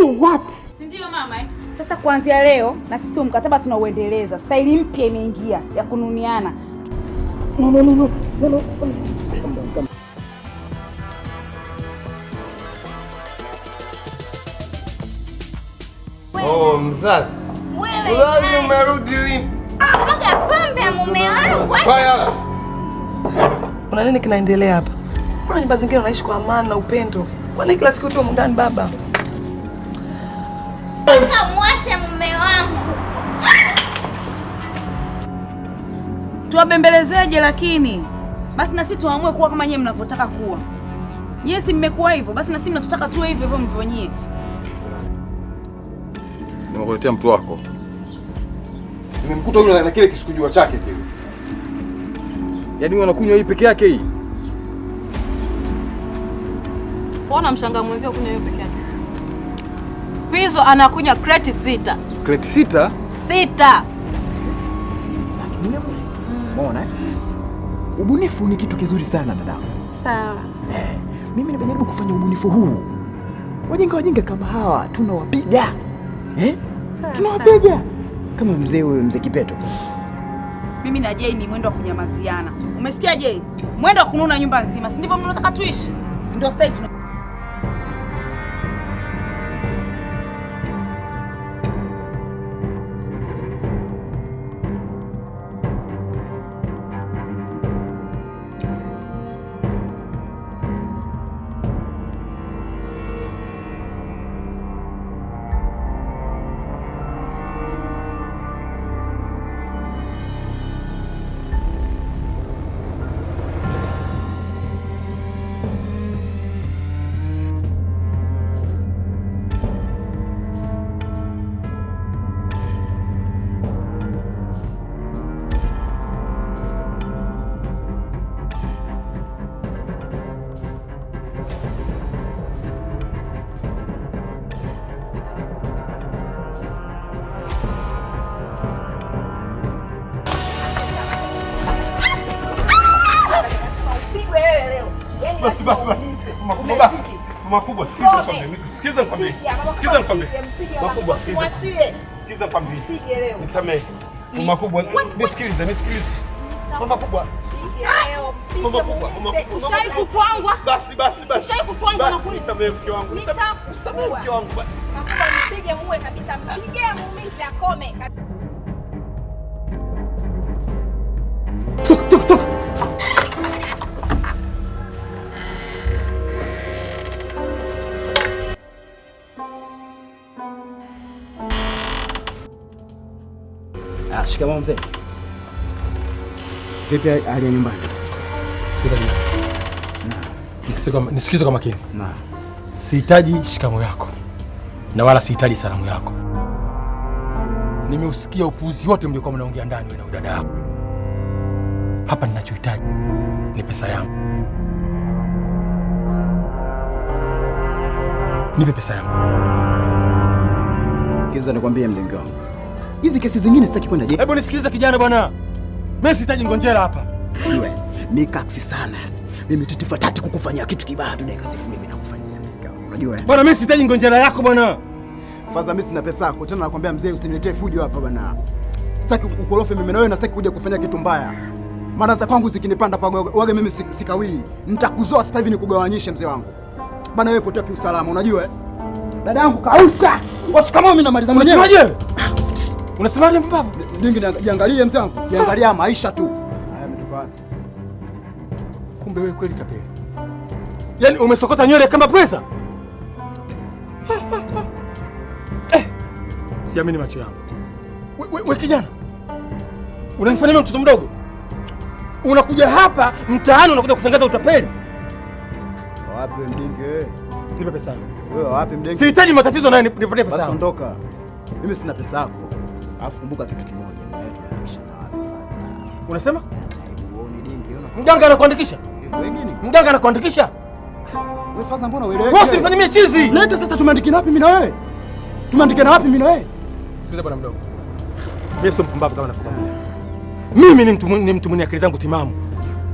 Yaani what? Si ndio mama eh? Sasa kuanzia leo na sisi mkataba tunauendeleza. Staili mpya imeingia ya kununiana. No, no, no, no. No, no. Oh, mzazi. Wewe. Mzazi umerudi lini? Ah, mwaga pombe ya mume wangu. Haya. Kuna nini kinaendelea hapa? Mbona nyumba zingine wanaishi kwa amani na upendo? Kwani kila siku tu mndani baba? Kamwache mume wangu. Tuwabembelezeje? Lakini basi na sisi tuamue kuwa kama nyie mnavyotaka kuwa. Nyie si mmekuwa hivyo, basi na sisi mnatutaka tuwe hivyo hivyo mlivyonyie. Nimekuletea mtu wako, nimemkuta yule na kile kisikujua chake kile. Yaani wanakunywa hii peke yake hii. Mbona mshangaa mwenzio kunywa hiyo peke yake? Pizzo anakunywa kreti sita. Kreti sita? Sita. Umeona? Ubunifu ni kitu kizuri sana dadangu. Sawa. Eh, mimi nimejaribu kufanya ubunifu huu. Wajinga wajinga kama hawa tunawapiga. Eh? Tunawapiga. Kama mzee huyo mzee Kipeto. Mimi na Jay ni mwendo wa kunyamaziana. Umesikia Jay? Mwendo wa kununa nyumba nzima. Si ndivyo mnataka tuishi? Ndio style Basi basi basi. Makubwa basi. Makubwa sikiza mimi. Sikiza mimi. Sikiza mimi. Makubwa sikiza. Mwachie. Sikiza nikwambie. Nipige leo. Nisamehe. Makubwa nisikilize, nisikilize. Mama kubwa. Ah! Ushai kutwangwa. Basi basi basi. Ushai kutwangwa na kuni. Nisamehe mke wangu. Nisamehe mke wangu. Makubwa nipige muwe kabisa. Mpige mume akome. Ah, shikamoo mzee. Vipi hali ya nyumbani? Sikiza kidogo. Nisikize kwa nisikize makini. Naam. Sihitaji shikamo yako na wala sihitaji salamu yako. Nimeusikia upuuzi wote mliokuwa mnaongea ndani wewe na dada yako. Hapa ninachohitaji ni pesa yangu. Nipe pesa yangu. Kiza, nikwambie mdengo wangu hizi kesi zingine sitaki kwenda jela. Hebu nisikilize kijana bwana, mimi sihitaji ngonjera oh. hapa. Wewe ni kaksi sana, mimi titifa tati kukufanyia kitu kibaya tu, naikasifu mimi nakufanyia. Unajua bwana, mimi sihitaji ngonjera yako bwana. Faza, mimi sina pesa yako tena, nakwambia mzee, usiniletee fujo hapa bwana. Sitaki kukorofe mimi na wewe, na sitaki kuja kufanya kitu mbaya, maana za kwangu zikinipanda pa wage mimi sikawii. Nitakuzoa sasa hivi nikugawanyishe, mzee wangu bana. Wewe potea kiusalama, unajua eh? dada yangu kausha watu mimi, namaliza mwenyewe Unasemaje mpumbavu? Dingi, jiangalie mzangu, jiangalia maisha tu. Haya, umetoka wapi? Kumbe wewe kweli tapeli. Yaani umesokota nywele kama pweza. Eh, siamini macho yangu. Wewe kijana, unanifanya mimi mtoto mdogo? Unakuja hapa mtaani unakuja kutangaza utapeli. Wapi mdingi wewe? Nipe pesa. Wewe wapi mdingi? Sihitaji matatizo naye, nipe pesa. Basi ondoka. Mimi sina pesa yako. Alafu kumbuka kitu kimoja, unasema mganga anakuandikisha, mganga anakuandikisha Wewe faza, mbona uelewe? usinifanye mie chizi. Leta sasa, tumeandikana wapi mimi na wewe? Tumeandikana wapi mimi na wewe? Sikiliza bwana mdogo, mimi sio mpumbavu kama nafikiria. Mimi ni mtu ni mtu mwenye akili zangu timamu,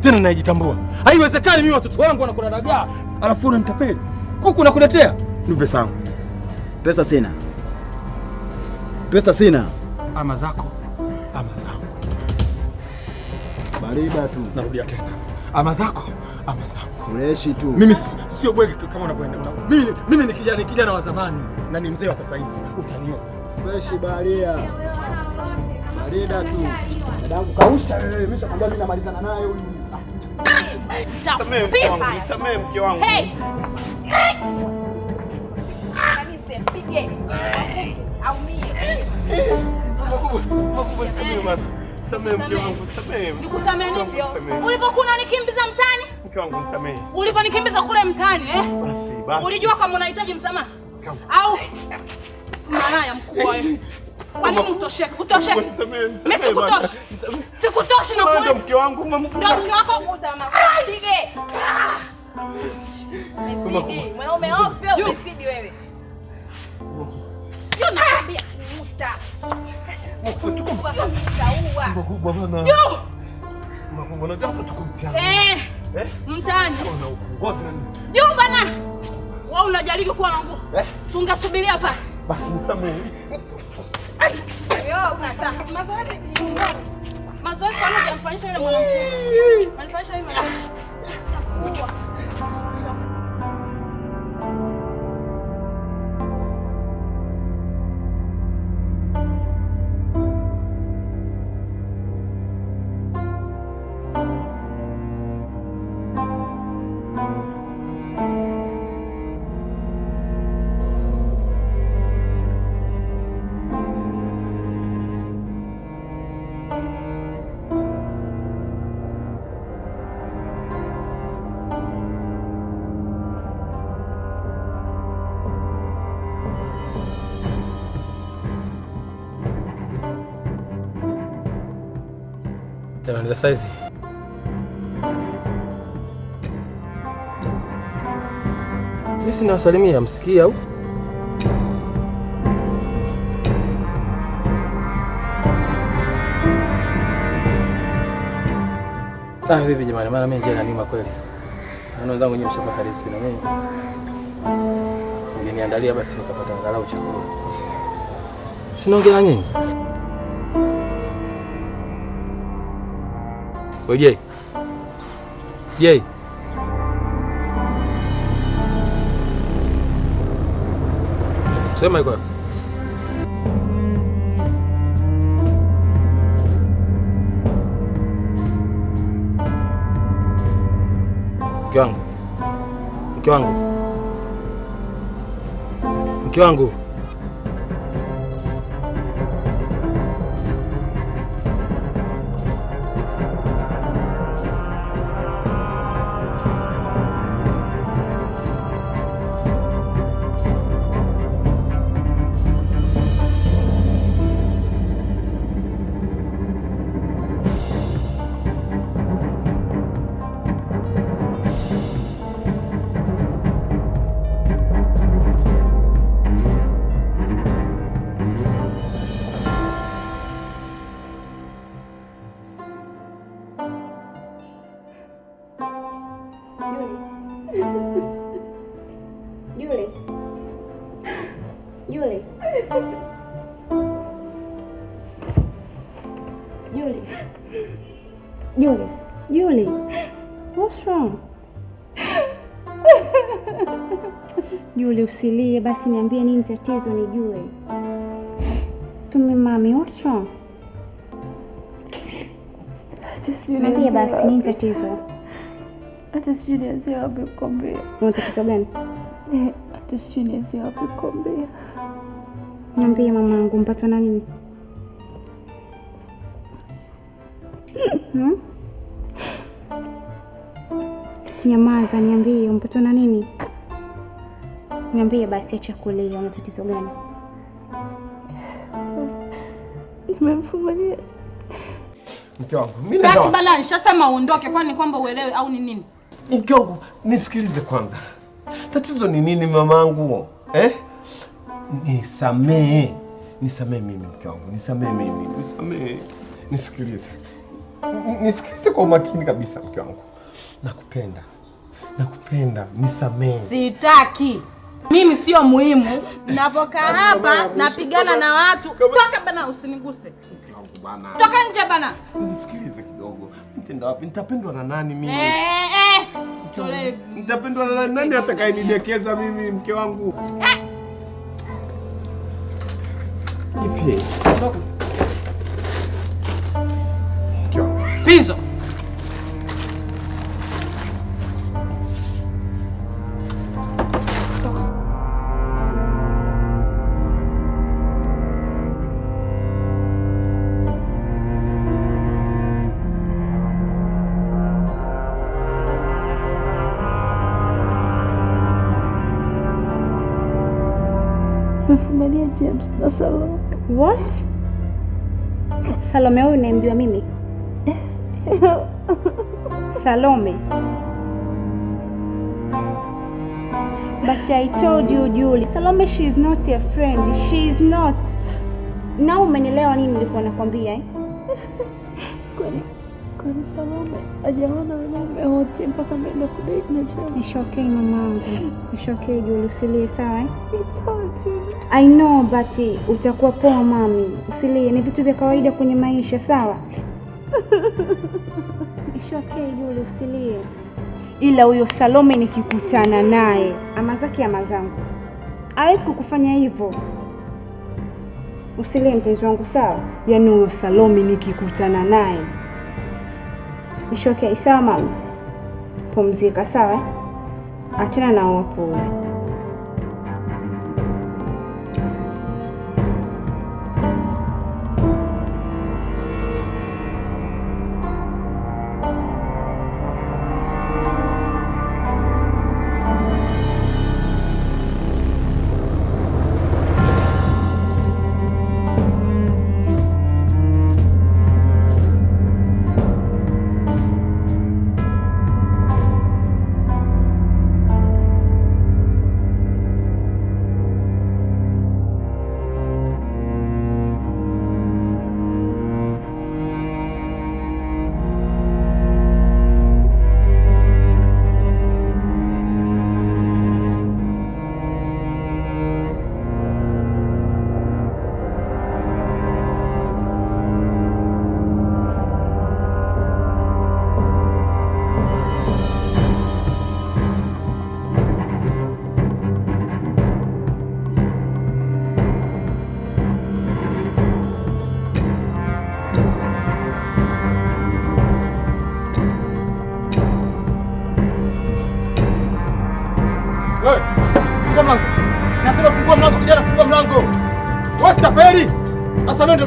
tena najitambua. Haiwezekani mimi watoto wangu wanakula dagaa, alafu una mtapeli kuku nakuletea. Ni pesa yangu. Pesa sina, pesa sina ama zako ama zangu. Bariba tu. Narudia tena. Ama zako ama zangu. Freshi tu. Mimi sio bwege kama unavyoenda. Mimi mimi ni kijana kijana wa zamani na ni mzee wa sasa hivi. Utaniona. Freshi baria. Barida tu. Dadangu kausha wewe. Nimeshakwambia mimi namalizana naye huyu. Samee mke wangu. Hey. Kanisa pige. Au mimi Nikusamehe hivyo ulivyokuna nikimbiza mtaani, ulivyonikimbiza kule mtaani eh? Ulijua kama unahitaji msamaha au malaya mkubwa Kwa nini utosheke? Utosheke. Mimi sikutoshi. Sikutoshi na kuuliza. mke wangu, mke wako mzama. Pige. mwanaume ovyo, msidi wewe. Yo naambia, muta mtani juu bana, wewe unajariki kuwa na nguvu, sungasubiria hapa basi. Mazoezi kama jamfanyisha yule mwanamke. Manifanyisha yule mwanamke. Tamaliza saizi. Mimi sina wasalimia, msikia au? Ah, vipi jamani, maana mimi njia nalima kweli. Naona wenzangu nyinyi mshapata riziki na mimi. Ngeniandalia basi nikapata angalau chakula. Sinaongea na nyinyi. bởi vì gì Sếp mày quẹo Mke wangu, mke wangu, mke wangu. usilie, basi niambie nini tatizo nijue. Tumi mami, what's wrong? Niambie basi nini tatizo. Hata sijui nianzie wapi kukwambia. Una tatizo gani? Eh, Hata sijui nianzie wapi kukwambia. Niambie mamangu, mpatwa na nini? Hmm? Nyamaza, niambie mpatwa na nini? Niambie basi, acha kulia, una tatizo gani? mke wangu. Mimi ndio sasa nishasema uondoke, kwani kwamba uelewe au ni nini? Mke wangu, nisikilize kwanza. Tatizo ni nini mamangu? Eh? Nisamee. Nisamee mimi mke wangu. Nisamee mimi. Nisamee. Nisikilize. Nisikilize kwa umakini kabisa mke wangu. Nakupenda. Nakupenda. Nisamee. Sitaki mimi sio muhimu. Navokaa hapa napigana na watu. Toka bana, usiniguse. Toka nje bana. Nisikilize kidogo. Nitaenda wapi? Nitapendwa na nani mimi? Eh, eh. eh. Nitapendwa na nani? Nani atakayenidekeza mimi mke wangu? Eh. Pizo. James na Salome. What? Salome huyu unaambiwa mimi? Salome. But I told you Julie, Salome she is not your friend. She is not. Now umenielewa nini nilikuwa nakwambia eh? kanisa mama ajaona wote mpaka ameenda It's okay mamangu, it's okay Juli, usilie sawa eh? It's hard I know but utakuwa poa mami, usilie, ni vitu vya kawaida kwenye maisha sawa? It's okay Juli, usilie, ila huyo Salome nikikutana naye ama zake ama zangu hawezi kukufanya hivyo. Usilie mpenzi wangu sawa? Yaani huyo Salome nikikutana naye Ishoke okay, sawa mama, pumzika sawa, achana na uwapuuzi.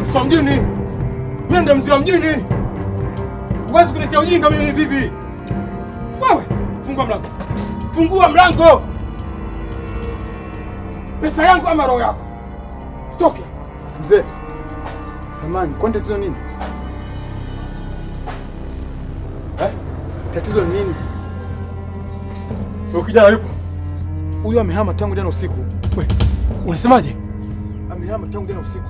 mtoto mjini. Mimi ndo mzee wa mjini. Huwezi kunitia ujinga mimi vipi? Wewe, fungua mlango. Fungua mlango. Pesa yangu ama roho yako? Toke. Mzee. Samani, kwani tatizo nini? Eh? Tatizo nini? Wewe kijana yupo? Huyo amehama tangu jana usiku. Wewe, unasemaje? Amehama tangu jana usiku.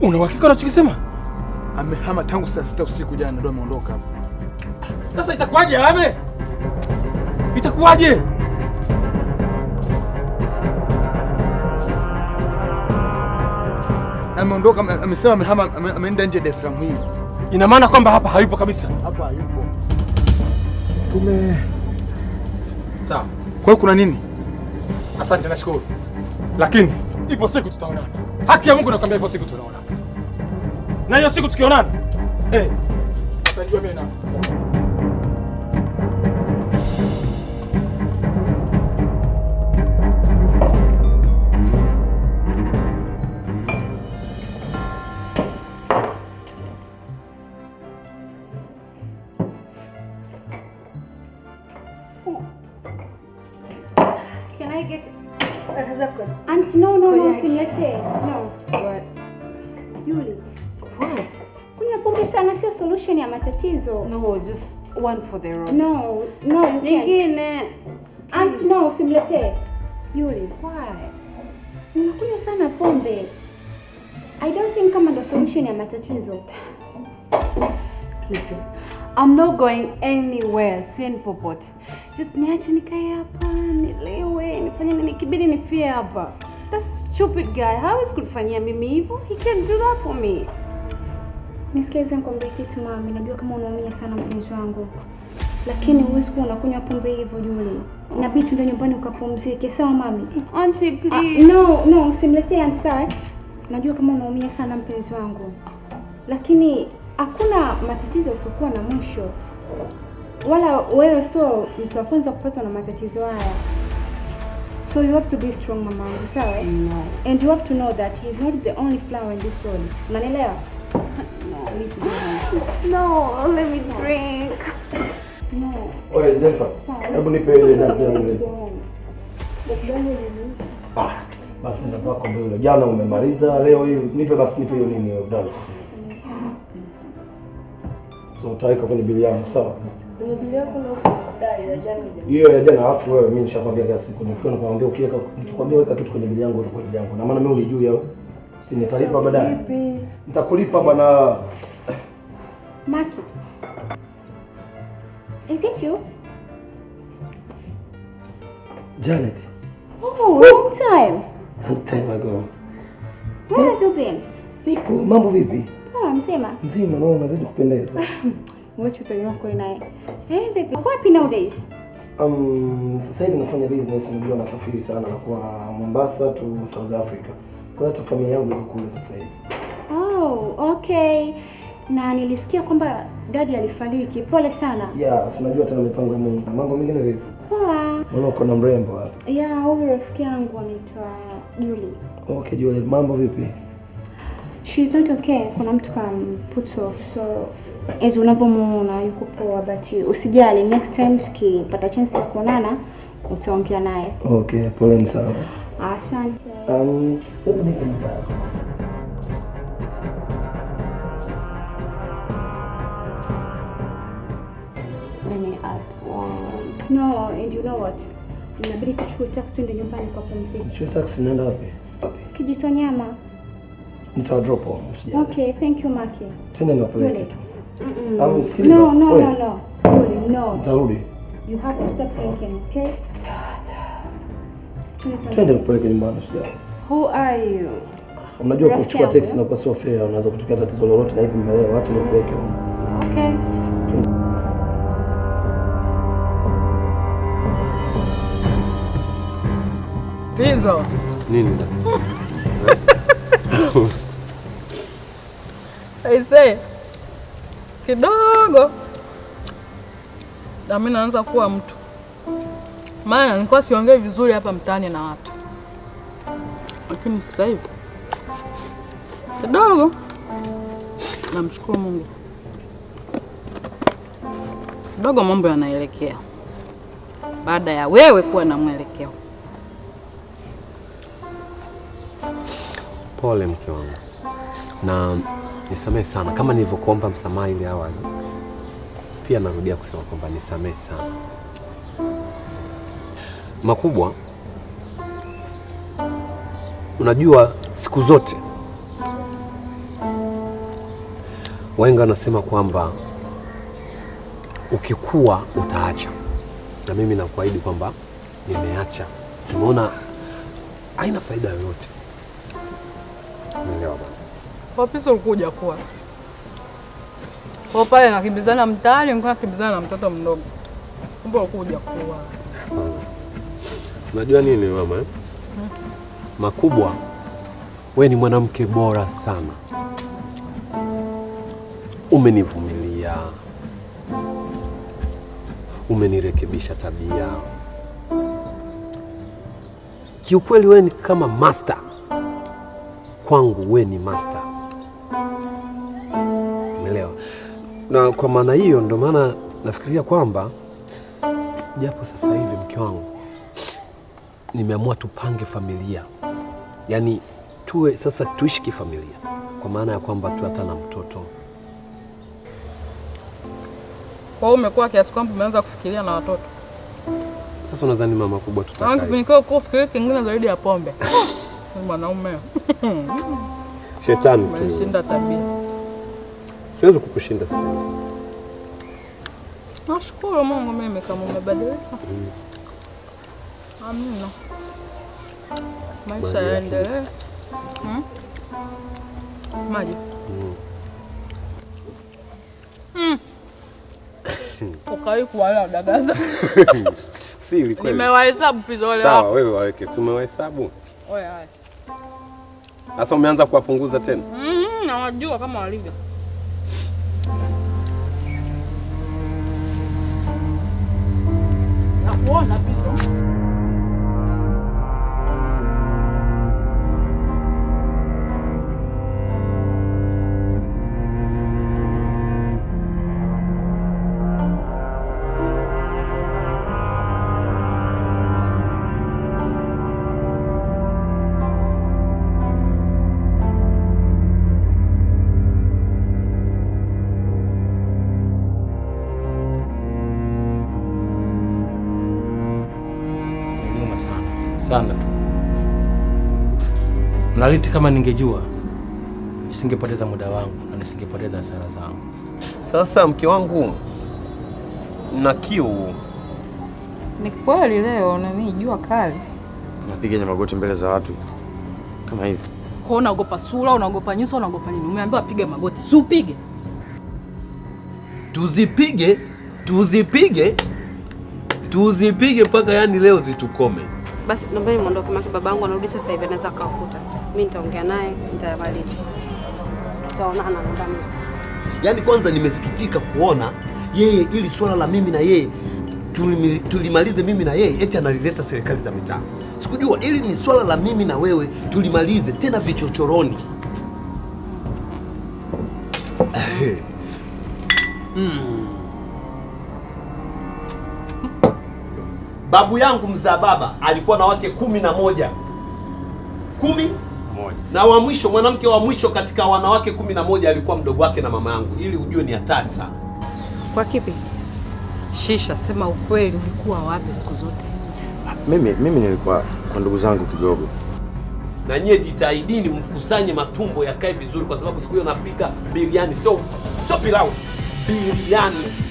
Una uhakika unachokisema? Amehama tangu saa sita usiku jana ndio ameondoka hapa. Sasa itakuwaje ame? Itakuwaje? Ameondoka, amesema amehama, ameenda nje Dar es Salaam hii. Ina maana kwamba hapa hayupo kabisa. Hapa hayupo. Tume sawa. Kwa hiyo kuna nini? Asante, nashukuru, lakini ipo siku tutaonana. Haki ya Mungu nakwambia, ipo siku tunaona na hiyo siku tukionana, hey, eh, utajua mimi na solution ya matatizo. No, just one for the road. No, no, you nyingine. Aunt, no, simlete Yule, why? Unakunywa sana pombe. I don't think kama ndo solution ya matatizo. Listen, I'm not going anywhere, siendi popot. Just niache nikae hapa, nilewe, nifanye nini, kibidi nifie hapa. That stupid guy, how is kufanyia mimi hivyo? He can't do that for me. Nisikilize nikwambie kitu mami, najua kama unaumia sana mpenzi wangu, lakini huwezi kuwa unakunywa pombe hivyo Juli. Inabidi tuende nyumbani ukapumzike, sawa mami? Auntie please. Ah, no, no, usimletee auntie sawa? Eh? Najua kama unaumia sana mpenzi wangu, lakini hakuna matatizo usiokuwa na mwisho, wala wewe sio mtu wa kwanza kupatwa na matatizo haya. So you have to be strong mama, sawa? Eh? No. And you have to know that he's not the only flower in this world. Unanielewa? need to drink. No, let me drink. No. Oye, Jennifer. Hebu nipe ile na kidonge. Ah, basi ndo zako mbele. Jana umemaliza, leo hii nipe basi nipe hiyo nini hiyo dawa. So utaweka kwenye bili yangu, sawa? Hiyo ya jana alafu wewe mimi nishakwambia kila siku nikiona nakwambia ukiweka nikikwambia weka kitu kwenye bili yangu utakuwa bili yangu. Na maana mimi unijui au? Si nitalipa baadaye. Nitakulipa bwana. Maki. Is it you? Janet. Oh, long time. Long time ago. Where have you been? Niko, mambo vipi? Ah, mzima. Mzima, naona unazidi kupendeza. Wacha tuelewa kwa naye. baby, eh, vipi? Wapi nowadays? Um, sasa hivi nafanya business, unajua nasafiri sana na kwa Mombasa to South Africa kwa hata familia yangu kule sasa hivi. Oh, okay. Na nilisikia kwamba dadi alifariki. Pole sana. Yeah, sinajua tena mipango ya Mungu. Mambo mengine vipi? Poa. Mbona uko na mrembo hapa? Yeah, huyu rafiki yangu anaitwa Julie. Okay, Julie, mambo vipi? She's not okay. Kuna mtu kam put off. So as unavyomuona yuko poa, but usijali, next time tukipata chance ya kuonana utaongea naye. Okay, pole sana. Asante. Um, hebu nikumpa. Let me No, and you know what? Inabidi tuchukue taxi twende nyumbani kwa pumziko. Chukua taxi naenda wapi? Kijitonyama. Nita drop hapo. Okay, thank you Maki. Twende na pale. Mm. Um, No, no, no, no. No. Nitarudi. You have to stop thinking, okay? Twende kupeleke nyumbani shida. Who are you? Unajua kuchukua taxi na kuwa sio fair, unaweza kutokea tatizo lolote na hivi mmelewa, acha nikupeleke. Okay. Tizo. Nini? I say Kidogo. Na mimi naanza kuwa mtu maana nilikuwa siongei vizuri hapa mtaani na watu, lakini sasa hivi kidogo namshukuru Mungu kidogo mambo yanaelekea, baada ya wewe kuwa na mwelekeo. Pole mke wangu, na nisamehe sana kama nilivyokuomba msamaha ile awali, pia narudia kusema kwamba nisamehe sana makubwa. Unajua, siku zote wahenga wanasema kwamba ukikua utaacha, na mimi nakuahidi kwamba nimeacha. Nimeona haina faida yoyote. Umeelewa bwana? Wapiso ulikuja kuwa kwa pale nakimbizana mtaani, nakimbizana na mtoto mdogo, kumbe ulikuja kuwa Najua nini mama eh? Makubwa, we ni mwanamke bora sana, umenivumilia, umenirekebisha tabia. Kiukweli we ni kama master kwangu, we ni master, umeelewa? Na kwa maana hiyo ndo maana nafikiria kwamba japo sasa hivi mke wangu nimeamua tupange familia, yaani tuwe sasa, tuishi kifamilia kwa maana ya kwamba tu hata na mtoto. Kwa hiyo umekuwa kiasi kwamba umeanza kufikiria na watoto sasa. Unadhani mama kubwa tutakaye kingine zaidi ya pombe? Mwanaume shetani umeshinda tabia, siwezi kukushinda sasa. Nashukuru Mungu mimi kama umebadilika. Mm. Amna, maisha yaendelee. Hmm? Maji mm. Hmm. Ukawahi kuwala dagaza? Siri kweli. Nimewahesabu pizo wale wako. Sawa, wewe waweke. Tumewahesabu. Wewe hai. Sasa umeanza kuwapunguza tena? Mm, nawajua kama walivyo. Nakuona pizo. Aliti, kama ningejua nisingepoteza muda wangu na nisingepoteza hasara zangu. Sasa mke wangu, na kiu ni kweli, leo na mimi jua kali, napiga magoti mbele za watu kama hivi. Kwa unaogopa sura, unaogopa nyuso, unaogopa nini? Umeambiwa piga magoti, si upige? Tuzipige, tuzipige, tuzipige mpaka yani leo zitukome. Basi naomba niondoke, maki babangu anarudi sasa hivi, anaweza kukuta yani nitaongea naye nitayamaliza, tutaonana Yaani kwanza nimesikitika kuona yeye ili swala la mimi na yeye tulimalize mimi na yeye eti analileta serikali za mitaa. Sikujua ili ni swala la mimi na wewe tulimalize tena vichochoroni. Mm. Babu yangu mzaa baba alikuwa na wake kumi na moja. Kumi moja. Na wa mwisho mwanamke wa mwisho katika wanawake kumi na moja alikuwa mdogo wake na mama yangu, ili ujue ni hatari sana. Kwa kipi? Shisha, sema ukweli, ulikuwa wapi siku zote? Ah, mimi mimi nilikuwa kwa ndugu zangu kidogo. Na nyie jitahidini mkusanye matumbo yakae vizuri, kwa sababu siku hiyo napika biriani, so sio pilau, biriani.